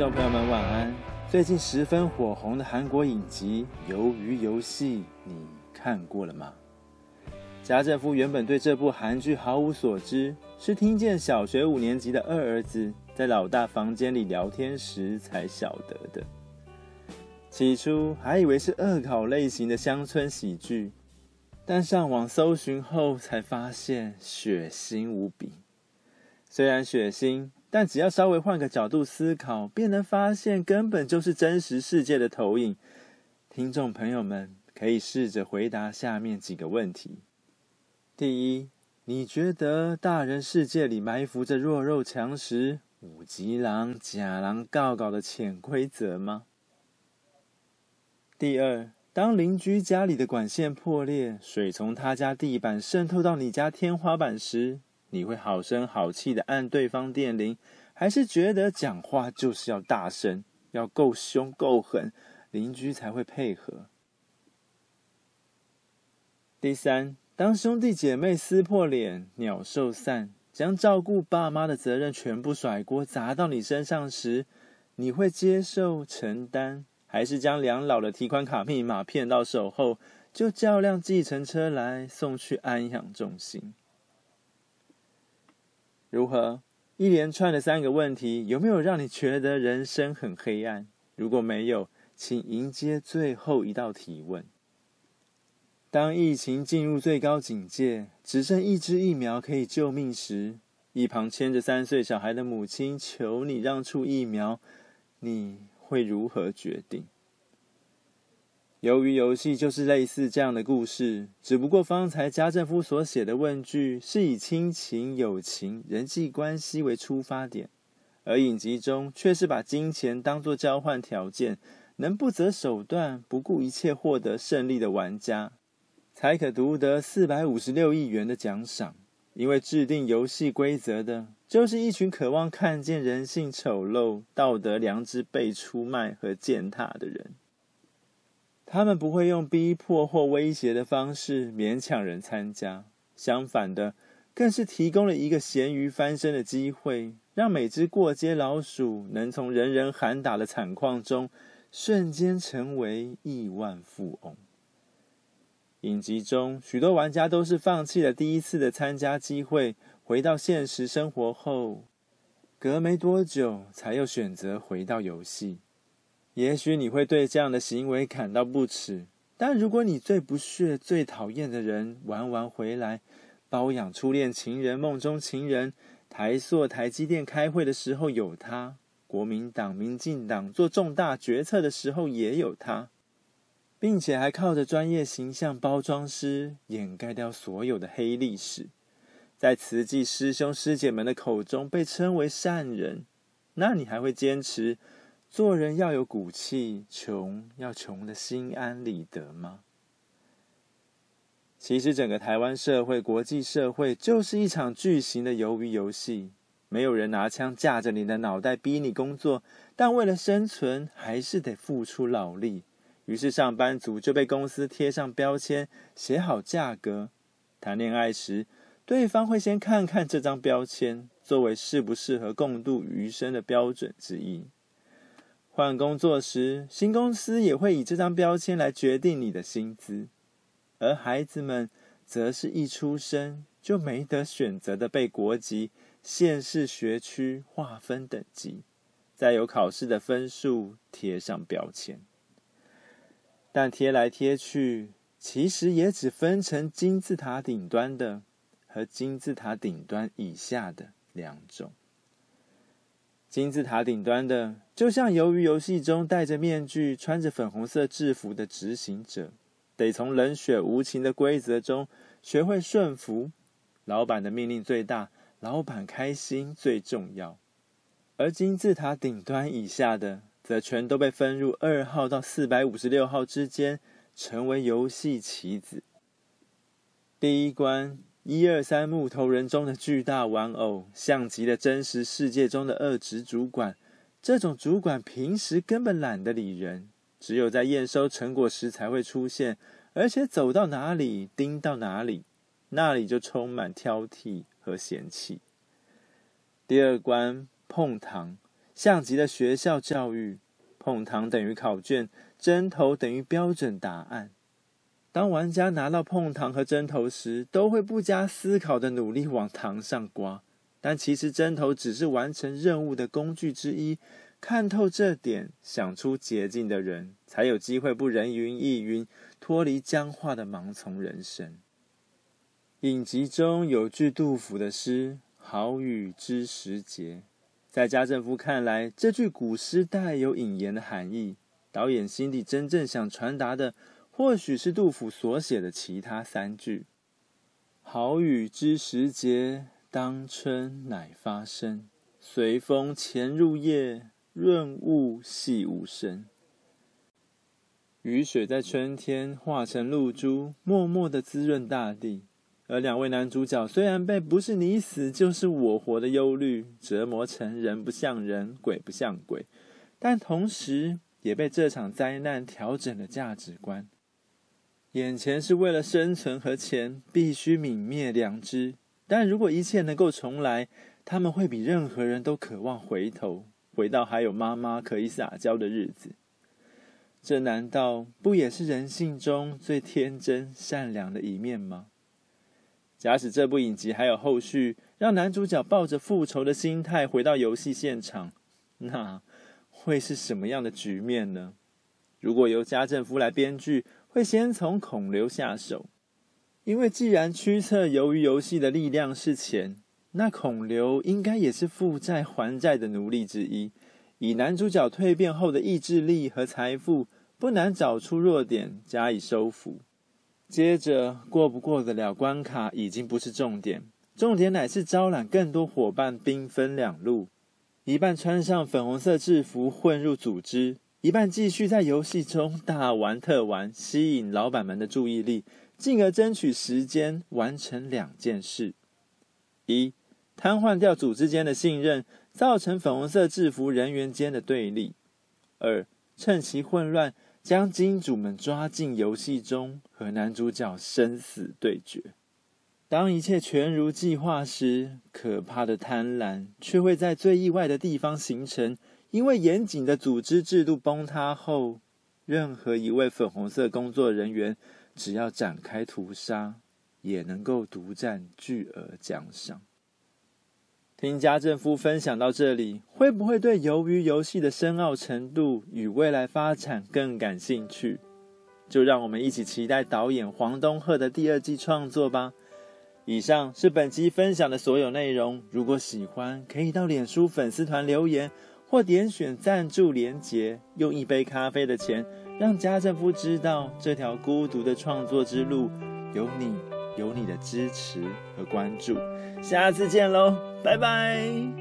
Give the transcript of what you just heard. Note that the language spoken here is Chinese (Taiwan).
小朋友們晚安。最近十分火紅的韓國影集《魷魚遊戲》，你看過了嗎？家政夫原本對這部韓劇毫無所知，是聽見小學五年級的二兒子在老大房間裡聊天時才曉得的。起初還以為是惡搞類型的鄉村喜劇，但上網搜尋後才發現血腥無比。雖然血腥。但只要稍微換個角度思考，便能發現根本就是真實世界的投影。聽眾朋友們，可以試着回答下面幾個問題：第一，你覺得大人世界裡埋伏着弱肉強食、五吉狼假狼告告的潛規則嗎？第二，當鄰居家裡的管線破裂，水從他家地板滲透到你家天花板時。你會好聲好氣的按對方電鈴，還是覺得講話就是要大聲，要夠兇夠狠，鄰居才會配合？第三，當兄弟姐妹撕破臉，鳥獸散，將照顧爸媽的責任全部甩鍋砸到你身上時，你會接受承擔，還是將兩老的提款卡密碼騙到手後，就叫輛計程車來送去安養中心？如何？一連串的三個問題，有沒有讓你覺得人生很黑暗？如果沒有，請迎接最後一道提問：當疫情進入最高警戒，只剩一支疫苗可以救命時，一旁牽着三歲小孩的母親求你讓出疫苗，你會如何決定？由於遊戲就是類似這樣的故事，只不過方才家政夫所寫的問句是以親情、友情、人際關係為出發點，而影集中卻是把金錢當作交換條件，能不擇手段、不顧一切獲得勝利的玩家，才可獨得四百五十六億元的獎賞。因為製定遊戲規則的，就是一群渴望看見人性醜陋、道德良知被出賣和踐踏的人。他們不會用逼迫或威脅的方式勉強人參加，相反的，更是提供了一個鹹魚翻身的機會，讓每隻過街老鼠能從人人喊打的慘況中，瞬間成為億萬富翁。影集中，許多玩家都是放棄了第一次的參加機會，回到現實生活後，隔沒多久才又選擇回到遊戲。也許你會對這樣的行為感到不恥，但如果你最不屑、最討厭的人玩完回來，包養初戀情人、夢中情人，台塑、台積電開會的時候有他，國民黨、民進黨做重大決策的時候也有他，並且還靠着專業形象包裝師掩蓋掉所有的黑歷史，在慈濟師兄師姐們的口中被稱為善人，那你還會堅持？做人要有骨氣，窮要窮的心安理得嗎？其實，整個台灣社會、國際社會就是一場巨型的魷魚遊戲。沒有人拿槍架，架着你的腦袋逼你工作，但為了生存，還是得付出勞力。於是，上班族就被公司貼上標籤，寫好價格。談戀愛時，對方會先看看這張標籤，作為適不適合共度餘生的標準之一。換工作時，新公司也會以這張標籤來決定你的薪資；而孩子們則是一出生就沒得選擇的，被國籍、縣市、學區劃分等級，再由考試的分數貼上標籤。但貼來貼去，其實也只分成金字塔頂端的和金字塔頂端以下的兩種。金字塔頂端的。就像魷魚遊戲中戴着面具、穿着粉紅色制服的執行者，得從冷血無情的規則中學會順服。老闆的命令最大，老闆開心最重要。而金字塔頂端以下的，則全都被分入二號到四百五十六號之間，成為遊戲棋子。第一關一二三木頭人中的巨大玩偶，像極了真實世界中的惡質主管。這種主管平時根本懶得理人，只有在驗收成果時才會出現，而且走到哪裡，盯到哪裡，那裡就充滿挑剔和嫌棄。第二關碰糖，像極了學校教育，碰糖等於考卷，針頭等於標準答案。當玩家拿到碰糖和針頭時，都會不加思考地努力往糖上刮。但其實針頭只是完成任務的工具之一。看透這點，想出捷徑的人，才有機會不人云亦云，脫離僵化的盲從人生。影集中有句杜甫的詩：“好雨知時節。”在家政夫看來，這句古詩帶有引言的含義。導演心底真正想傳達的，或許是杜甫所寫的其他三句：“好雨知時節。”當春乃發生，隨風潛入夜，潤物細無聲。雨水在春天化成露珠，默默的滋潤大地。而兩位男主角雖然被“不是你死，就是我活”的憂慮折磨成人不像人、鬼不像鬼，但同時也被這場災難調整了價值觀。眼前是為了生存和錢，必須泯滅良知。但如果一切能夠重來，他們會比任何人都渴望回頭，回到還有媽媽可以撒嬌的日子。這難道不也是人性中最天真善良的一面嗎？假使這部影集還有後續，讓男主角抱着復仇的心態回到遊戲現場，那會是什麼樣的局面呢？如果由家政夫來編劇，會先從孔劉下手。因為既然驅策魷魚遊戲的力量是錢，那孔劉應該也是負債還債的奴隸之一。以男主角蛻變後的意志力和財富，不難找出弱點加以收服。接着，過不過得了關卡已經不是重點，重點乃是招攬更多夥伴，兵分兩路：一半穿上粉紅色制服混入組織，一半繼續在遊戲中大玩特玩，吸引老闆們的注意力。進而爭取時間完成兩件事：一、癱瘓掉組織間的信任，造成粉紅色制服人員間的對立；二、趁其混亂，將金主們抓進遊戲中，和男主角生死對決。當一切全如計劃時，可怕的貪婪卻會在最意外的地方形成，因為嚴謹的組織制度崩塌後。任何一位粉紅色工作人員，只要展開屠殺，也能夠獨占巨額獎賞。聽家政夫分享到這裡，會不會對魷魚遊戲的深奧程度與未來發展更感興趣？就讓我們一起期待導演黃東赫的第二季創作吧。以上是本期分享的所有內容，如果喜歡，可以到臉書粉絲團留言。或點選贊助連結，用一杯咖啡的錢，讓家政夫知道這條孤獨的創作之路，有你，有你的支持和關注。下次見嘍，拜拜！